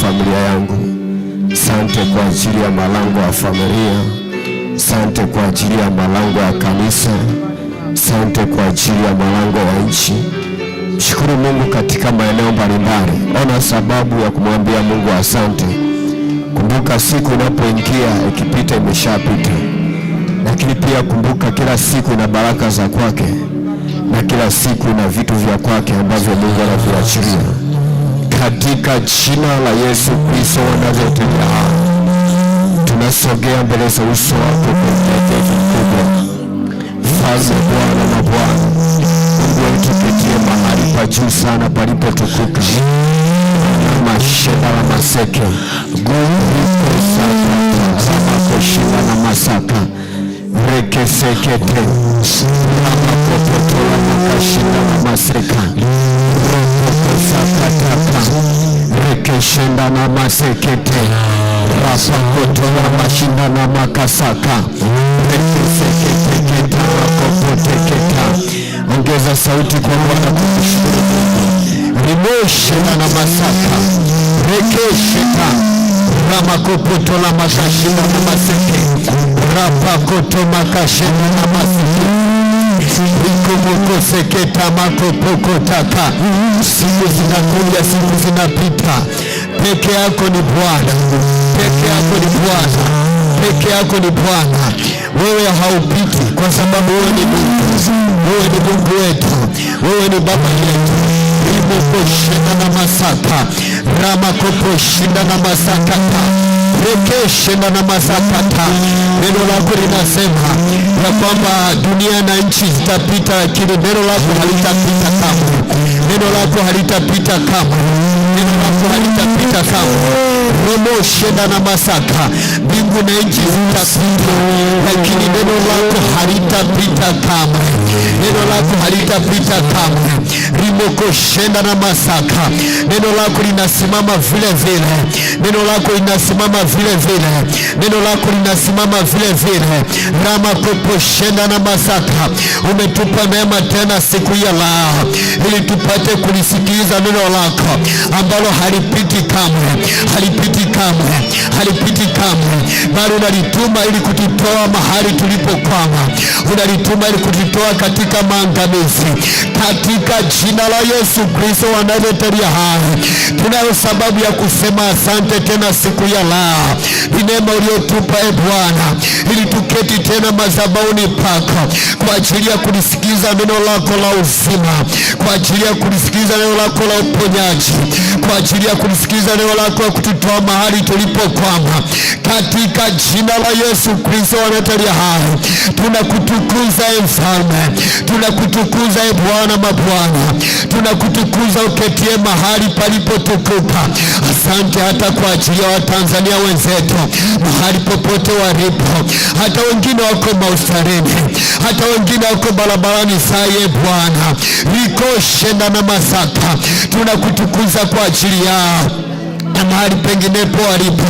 familia yangu. Sante kwa ajili ya malango ya familia. Sante kwa ajili ya malango ya kanisa. Sante kwa ajili ya malango ya nchi. Mshukuru Mungu katika maeneo mbalimbali. Ona sababu ya kumwambia Mungu asante. Kumbuka siku inapoingia ikipita, imeshapita, lakini pia kumbuka kila siku ina baraka za kwake na kila siku ina vitu vya kwake ambavyo Mungu anaviachilia katika jina la Yesu Kristo wa Nazareti. Tunasogea mbele za uso wako kwa unyenyekevu mkubwa. Mfalme, Bwana na Bwana, Mungu wetu, tutie mahali pa juu sana palipotukuka mashina la maseke guikosaaakoshinda na masaka rekesekete na kashinda na maseka rekeshenda na masekete rapakotoya mashinda na makasaka rekeseketeketa rakopoteketa. Ongeza sauti kwa Bwana kukushukuru rimoshena na masaka rekesheka ramakopoto la makashinda na maseke rapakoto makashenda na maseke ikomokoseketa makopokotaka. Siku zinakuja, siku zinapita, peke yako ni Bwana, peke yako ni Bwana, peke yako ni Bwana. Wewe haupiti, kwa sababu wewe ni Mungu, wewe ni Mungu wetu, wewe ni baba yetu. Rimokoshenda na masaka ramakoposhenda na masakata rekeshenda na masakata Neno lako linasema ya kwamba dunia na nchi zitapita, lakini neno lako halitapita kamwe. Neno lako halitapita kamwe litapita sawa. robo sheda na masaka, mbingu na nchi zitapita, lakini neno lako halitapita kamwe. Neno lako halitapita kamwe. rimoko sheda na masaka, neno lako linasimama vile vile, neno lako linasimama vile vile, neno lako linasimama vile vile. rama kopo sheda na masaka, umetupa mema tena siku ya leo ili tupate kulisikiliza neno lako Am ambalo halipiti kamwe, halipiti kamwe, halipiti kamwe, bali unalituma ili kututoa mahali tulipokwama, unalituma ili kututoa katika maangamizi, katika jina la Yesu Kristo wa Nazareti. Hai, tunayo sababu ya kusema asante tena siku ya leo, ni neema uliotupa e Bwana, ili tuketi tena madhabahuni pako kwa ajili ya kulisikiza neno lako la uzima, kwa ajili ya kulisikiza neno lako la uponyaji kwa ajili ya kumsikiliza neno lako na kututoa mahali tulipokwama, katika jina la Yesu Kristo wa Nazareti hai tunakutukuza e Mfalme, tunakutukuza e Bwana mabwana, tunakutukuza uketie mahali palipotukuka. Asante hata kwa ajili ya Watanzania wenzetu mahali popote walipo, hata wengine wako maustarini, hata wengine wako barabarani. Saye Bwana na masaka, tunakutukuza kwa ajili yao na mahali penginepo alipo.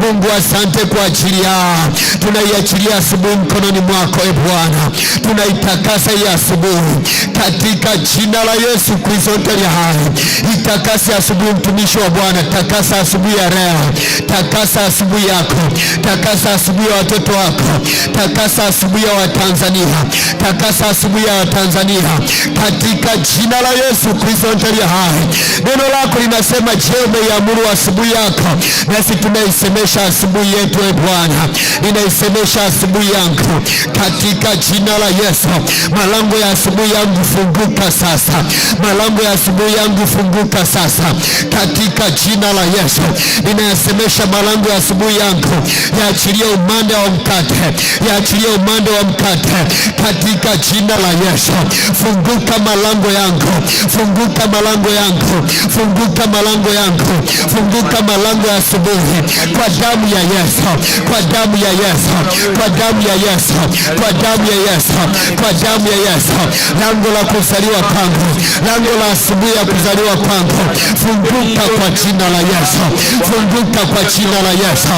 Mungu, asante kwa ajili yao, tunaiachilia asubuhi mkononi mwako e Bwana, tunaitakasa hii asubuhi katika jina la Yesu Kristo tali hai. Itakasa asubuhi mtumishi wa Bwana, takasa asubuhi ya leo, takasa asubuhi yako, takasa asubuhi ya watoto wako, takasa asubuhi ya Watanzania, takasa asubuhi ya Watanzania katika jina la Yesu Kristo tali hai. Neno lako linasema, je, umeiamuru asubuhi ghadhabu yako, nasi tunaisemesha asubuhi yetu, e Bwana, ninaisemesha asubuhi yangu katika jina la Yesu. Malango ya asubuhi yangu funguka sasa, malango ya asubuhi yangu funguka sasa, katika jina la Yesu. Ninayasemesha malango ya asubuhi yangu, yaachilie umande wa mkate, yaachilie umande wa mkate, katika jina la Yesu. Funguka malango yangu, funguka malango yangu, funguka malango yangu, funguka katika malango ya asubuhi kwa damu ya Yesu, kwa damu ya Yesu, kwa damu ya Yesu, kwa damu ya Yesu, kwa damu ya Yesu. Lango la kuzaliwa kwangu, lango la asubuhi ya kuzaliwa kwangu, funguka kwa jina la Yesu, funguka kwa jina la Yesu,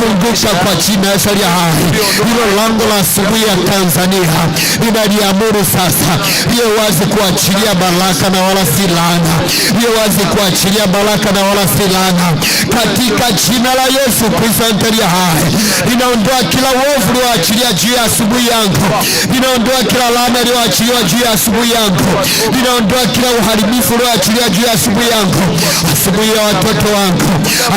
funguka kwa jina la Yesu hai. Hilo lango la asubuhi ya Tanzania inaliamuru sasa liwe wazi kuachilia baraka na wala silana laana, wazi kuachilia baraka na wala silana katika jina la Yesu Kristo mtelia hai. Ninaondoa kila uovu ulioachilia juu ya asubuhi yangu, ninaondoa kila laana iliyoachiliwa juu ya asubuhi yangu, ninaondoa kila uharibifu ulioachilia juu ya asubuhi yangu, asubuhi ya watoto wangu,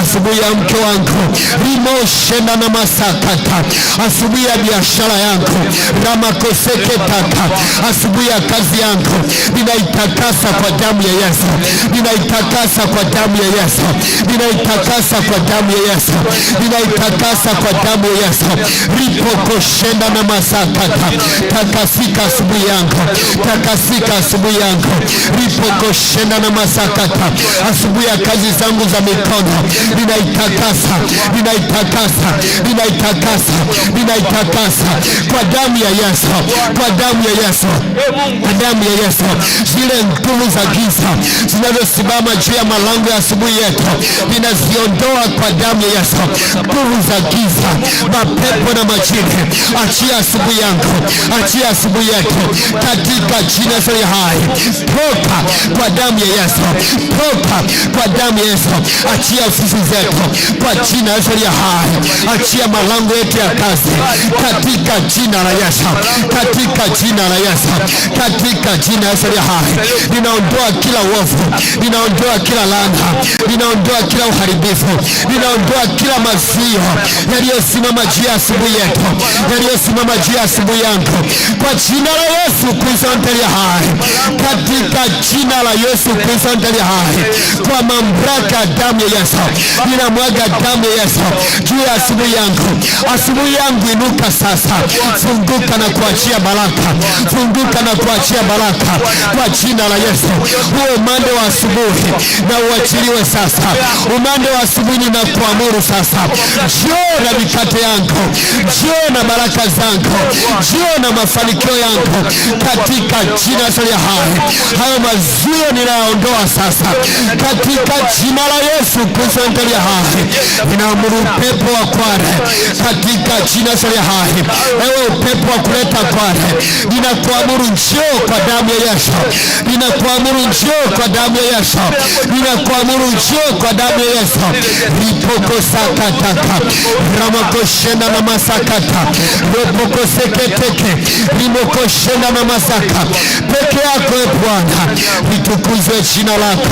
asubuhi ya mke wangu, rimoshena na masakata, asubuhi ya biashara yangu, ramakoseketata, asubuhi ya kazi yangu, ninaitakasa kwa damu ya Yesu, ninaitakasa kwa damu ya Yesu, nina ninaitakasa kwa damu ya Yesu, ninaitakasa kwa damu ya Yesu. ripokoshenda na masakata takasika asubuhi yangu, takasika asubuhi yangu, ripokoshenda na masakata asubuhi ya kazi zangu za mikono, ninaitakasa, ninaitakasa, ninaitakasa, ninaitakasa kwa damu ya Yesu, kwa damu ya Yesu, kwa damu ya Yesu. Zile nguvu za giza zinazosimama juu ya malango ya asubuhi yetu ninaziondoa kwa damu ya Yesu. Nguvu za giza, mapepo na majini, achia asubuhi yangu, achia asubuhi yetu katika jina la hai. Toka kwa damu ya Yesu, toka kwa damu ya Yesu. Achia ofisi zetu kwa jina la hai, achia malango yetu ya kazi katika jina la Yesu, katika jina la Yesu, katika jina la hai. Ninaondoa kila wofu, ninaondoa kila laana, ninaondoa kila kila uharibifu, ninaondoa kila mazio yaliyosimama juu ya asubuhi yetu, yaliyosimama juu ya asubuhi yangu, kwa jina la Yesu Kristo hai, katika jina la Yesu Kristo ndaliye hai, kwa mamlaka ya damu ya Yesu, ninamwaga damu ya Yesu juu ya asubuhi yangu. Asubuhi yangu inuka sasa, funguka na kuachia baraka, funguka na kuachia baraka kwa jina la Yesu. Huo umande wa asubuhi na uachiliwe sasa umande wa simini na kuamuru sasa, njoo na mikate yangu, njoo na baraka zangu, njoo na mafanikio yangu katika jina la hai. Hayo mazuio ninayaondoa sasa katika jina la Yesu Kristo ya hai. Ninaamuru upepo wa kware katika jina la hai. Ewe upepo wa kuleta kware, ninakuamuru njoo kwa damu ya Yesu, ninakuamuru njoo kwa damu ya Yesu, ninakuamuru njoo kwa damu madereza ripoko sakataka ramakoshena na masakata ropoko seketeke rimokoshena na masaka peke yako e Bwana, litukuzwe jina lako.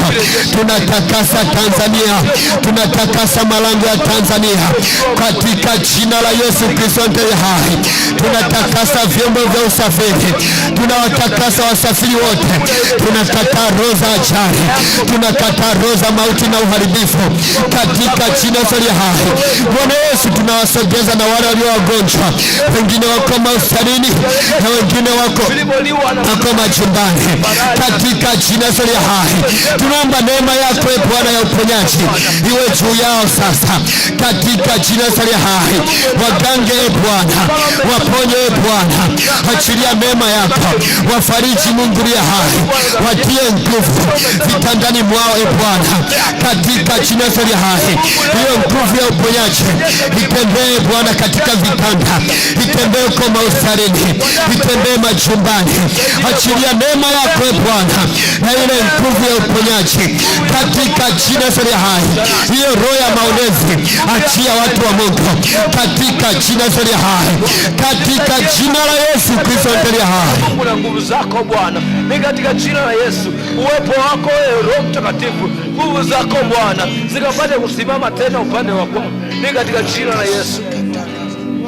Tunatakasa Tanzania, tunatakasa malango ya Tanzania katika jina la Yesu Kristo ndiye hai. Tunatakasa vyombo vya usafiri, tunawatakasa wasafiri wote. Tunakataa roho za ajali, tunakataa roho za mauti na uharibifu Yesu, katika jina la hai Bwana Yesu, tunawasogeza na wale walio wagonjwa, wengine wako hospitalini na wengine wako wako majumbani, katika jina la hai tunaomba neema yako e Bwana ya uponyaji iwe juu yao sasa, katika jina la hai wagange ee e Bwana, waponye e Bwana, achilia mema yako, wafariji Mungu liye hai, watie nguvu vitandani mwao e Bwana, katika chini ya sari hai hiyo nguvu ya uponyaji itembee Bwana katika vitanda, itembee kwa mausarini, itembee majumbani. Achilia neema yako e Bwana na ile nguvu ya uponyaji katika jina la sari hai. Hiyo roho ya maonezi achia watu wa Mungu katika jina la hai, katika jina la Yesu Kristo sari hai. na nguvu zako Bwana, ni katika jina la Yesu, uwepo wako e Roho Mtakatifu nguvu zako Bwana zikapate kusimama tena upande wa kwako, ni katika jina la Yesu.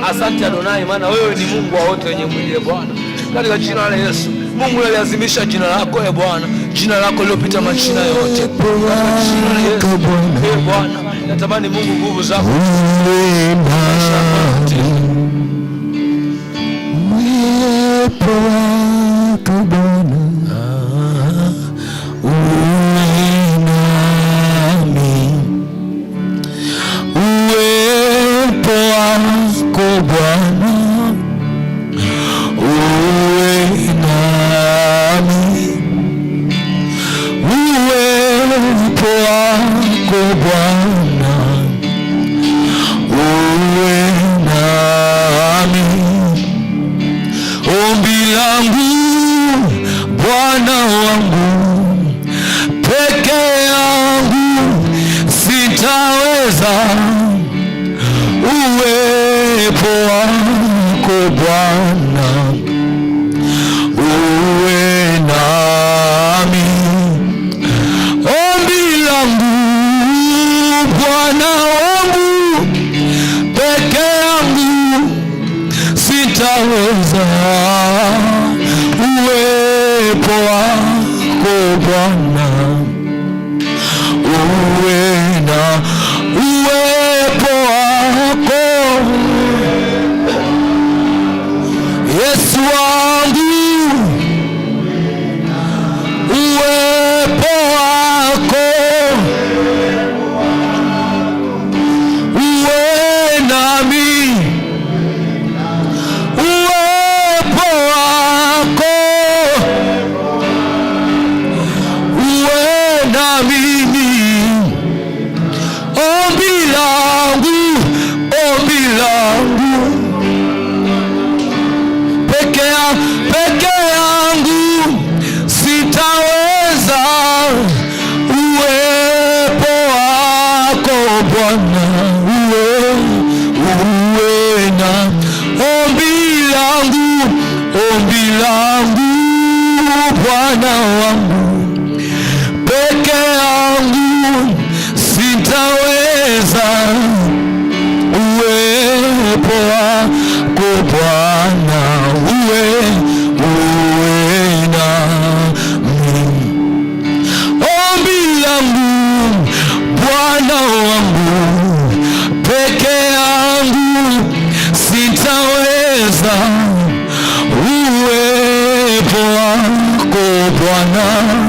Asante Adonai, maana wewe ni Mungu wa wote wenye mwili, Bwana, katika jina la Yesu. Mungu aliazimisha jina lako e Bwana, jina lako lilopita majina yote, e Bwana. Natamani Mungu nguvu zako uwepo wako Bwana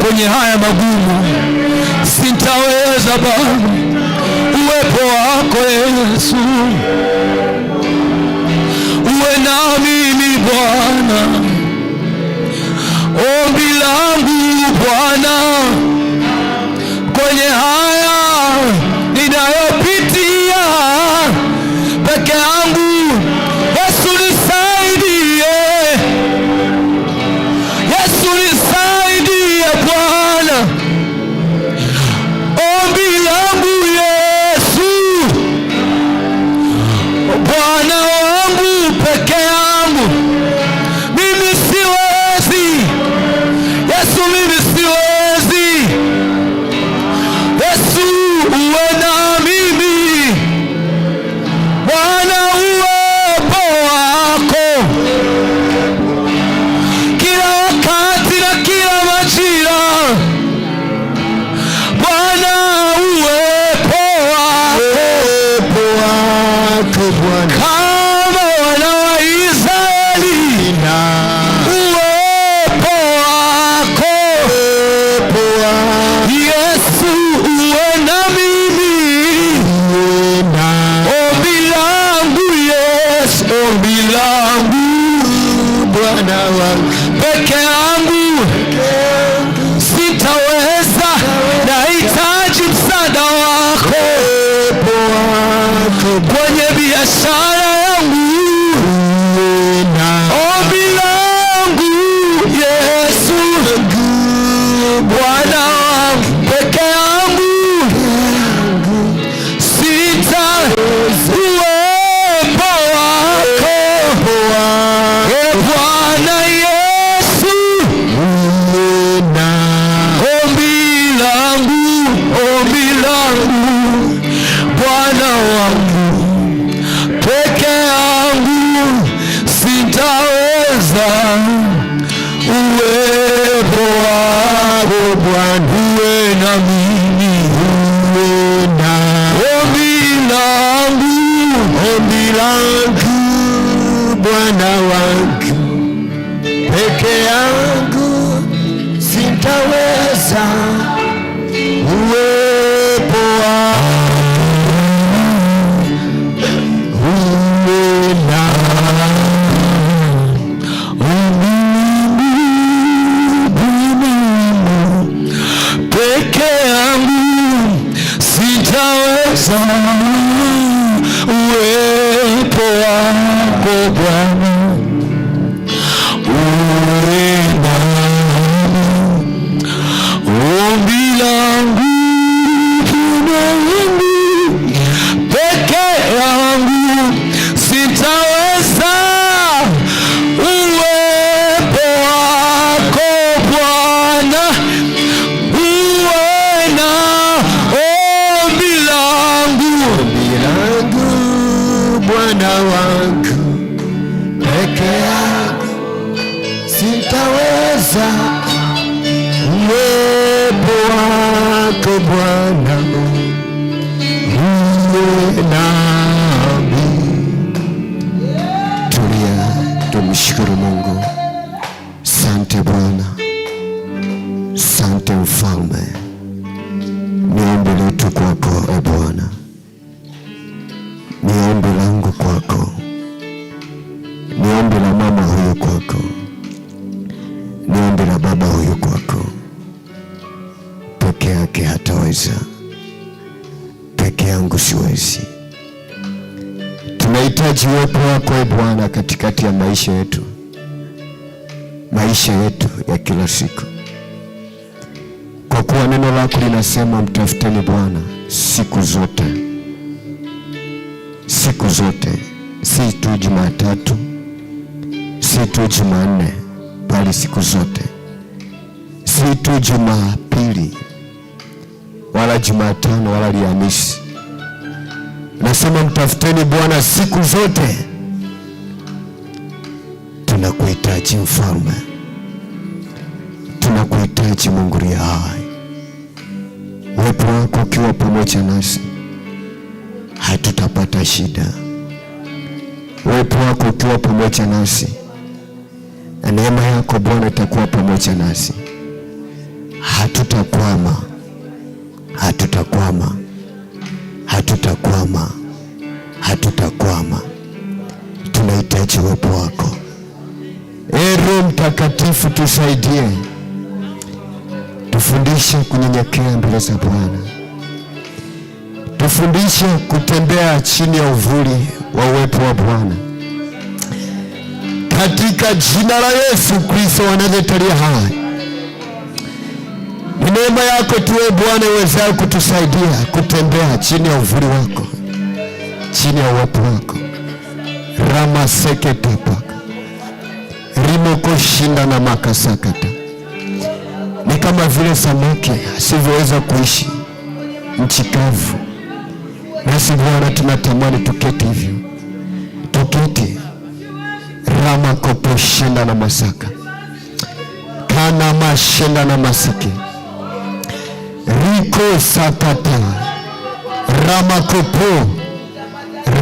kwenye haya magumu. Sitaweza Bwana, uwepo wako Yesu uwe na mimi Bwana. Ombi langu Bwana kwenye Hallelujah. Bwana Uwepo wako e Bwana katikati ya maisha yetu, maisha yetu ya kila siku, kwa kuwa neno lako linasema mtafuteni Bwana siku zote, siku zote, si tu Jumatatu, si tu Jumanne, bali siku zote, si tu Jumapili wala Jumatano wala Alhamisi Nasema mtafuteni Bwana siku zote, tunakuhitaji mfalme, tunakuhitaji Mungu aliye hai. Uwepo wako ukiwa pamoja nasi hatutapata shida. Uwepo wako ukiwa pamoja nasi na neema yako Bwana itakuwa pamoja nasi, hatutakwama, hatutakwama hatutakwama, hatutakwama. Tunahitaji uwepo wako, Ee Roho Mtakatifu, tusaidie, tufundishe kunyenyekea mbele za Bwana, tufundishe kutembea chini ya uvuli wa uwepo wa Bwana katika jina la Yesu Kristo wa Nazareti hai. Ni neema yako tu e Bwana iwezayo kutusaidia kutembea chini ya uvuli wako, chini ya uwepo wako. ramaseketepaka rimokoshinda na makasakata ni kama vile samaki asivyoweza kuishi nchi kavu. Nasi Bwana tunatamani tuketi hivyo, tuketi ramakoposhinda na masaka kana mashinda na masiki iko sakata ramakopo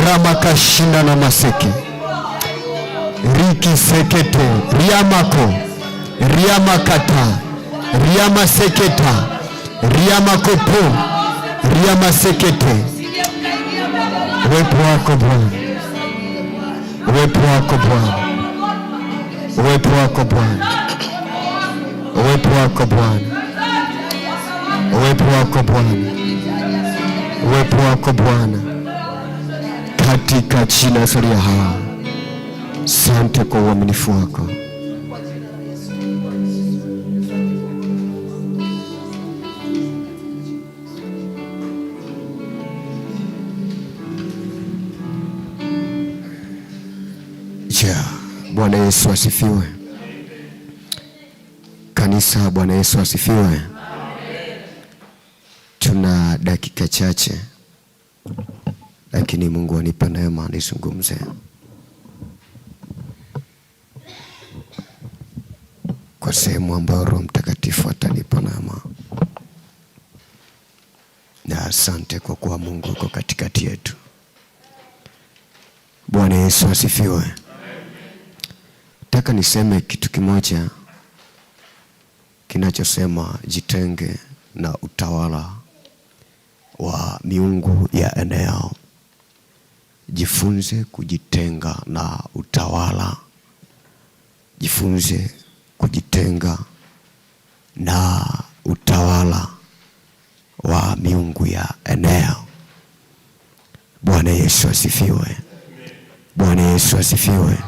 ramakashinda na maseke rikisekete riamako riamakata riamaseketa riamakopo riamasekete. Uwepo wako Bwana, uwepo wako Bwana, uwepo wako Bwana, uwepo wako Bwana uwepo wako Bwana, uwepo wako Bwana, katika jina la hawa. Sante kwa uaminifu wako. Bwana Yesu asifiwe. Kanisa, Bwana Yesu asifiwe. machache, lakini Mungu anipa neema nizungumze. Kwa sehemu ambayo Roho Mtakatifu atanipa neema. Na asante kwa kuwa Mungu uko katikati yetu. Bwana Yesu asifiwe. Nataka niseme kitu kimoja kinachosema jitenge na utawala wa miungu ya eneo. Jifunze kujitenga na utawala, jifunze kujitenga na utawala wa miungu ya eneo. Bwana Yesu asifiwe! Bwana Yesu asifiwe!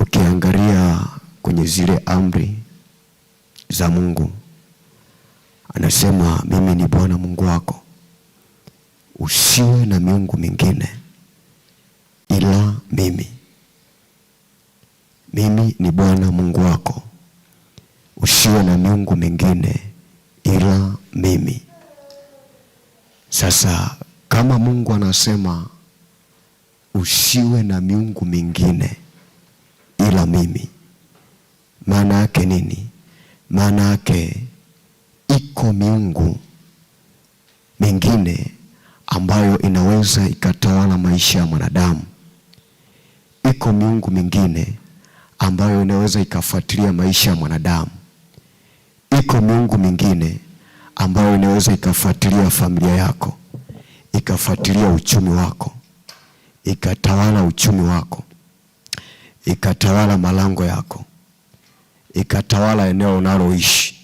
Ukiangalia kwenye zile amri za Mungu Anasema mimi ni Bwana Mungu wako, usiwe na miungu mingine ila mimi. Mimi ni Bwana Mungu wako, usiwe na miungu mingine ila mimi. Sasa kama Mungu anasema usiwe na miungu mingine ila mimi, maana yake nini? Maana yake iko miungu mingine ambayo inaweza ikatawala maisha ya mwanadamu. Iko miungu mingine ambayo inaweza ikafuatilia maisha ya mwanadamu. Iko miungu mingine ambayo inaweza ikafuatilia familia yako, ikafuatilia uchumi wako, ikatawala uchumi wako, ikatawala malango yako, ikatawala eneo unaloishi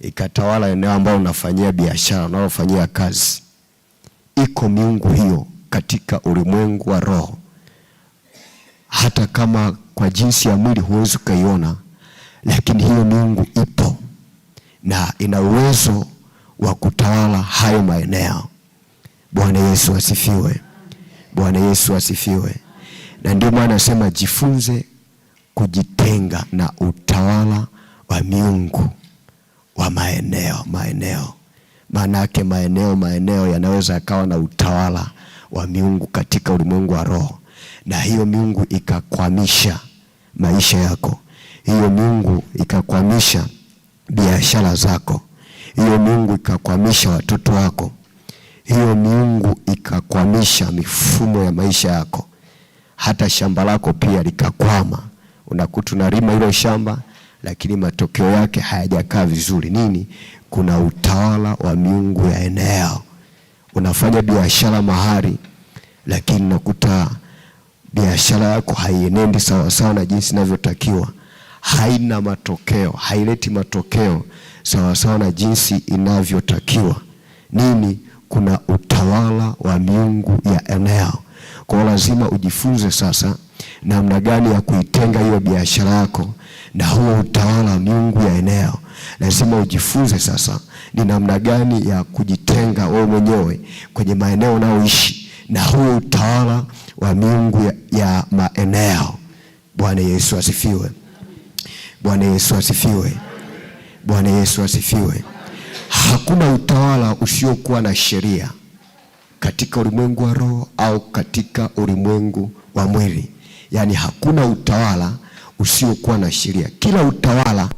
ikatawala eneo ambalo unafanyia biashara, unalofanyia kazi. Iko miungu hiyo katika ulimwengu wa roho, hata kama kwa jinsi ya mwili huwezi ukaiona, lakini hiyo miungu ipo na ina uwezo wa kutawala hayo maeneo. Bwana Yesu asifiwe! Bwana Yesu asifiwe! Na ndio maana anasema jifunze kujitenga na utawala wa miungu wa maeneo maeneo. Maana yake maeneo maeneo yanaweza yakawa na utawala wa miungu katika ulimwengu wa roho, na hiyo miungu ikakwamisha maisha yako, hiyo miungu ikakwamisha biashara zako, hiyo miungu ikakwamisha watoto wako, hiyo miungu ikakwamisha mifumo ya maisha yako. Hata shamba lako pia likakwama, unakuta unalima hilo shamba lakini matokeo yake hayajakaa vizuri. Nini? Kuna utawala wa miungu ya eneo. Unafanya biashara mahali, lakini nakuta biashara yako haienendi sawasawa na jinsi inavyotakiwa, haina matokeo, haileti matokeo sawasawa na jinsi inavyotakiwa. Nini? Kuna utawala wa miungu ya eneo. Kwa lazima ujifunze sasa namna gani ya kuitenga hiyo biashara yako na huo utawala wa miungu ya eneo. Lazima ujifunze sasa ni namna gani ya kujitenga wewe mwenyewe kwenye maeneo unaoishi na huo utawala wa miungu ya, ya maeneo. Bwana Yesu asifiwe! Bwana Yesu asifiwe! Bwana Yesu asifiwe! Hakuna utawala usiokuwa na sheria katika ulimwengu wa roho au katika ulimwengu wa mwili, yaani hakuna utawala usiokuwa na sheria. Kila utawala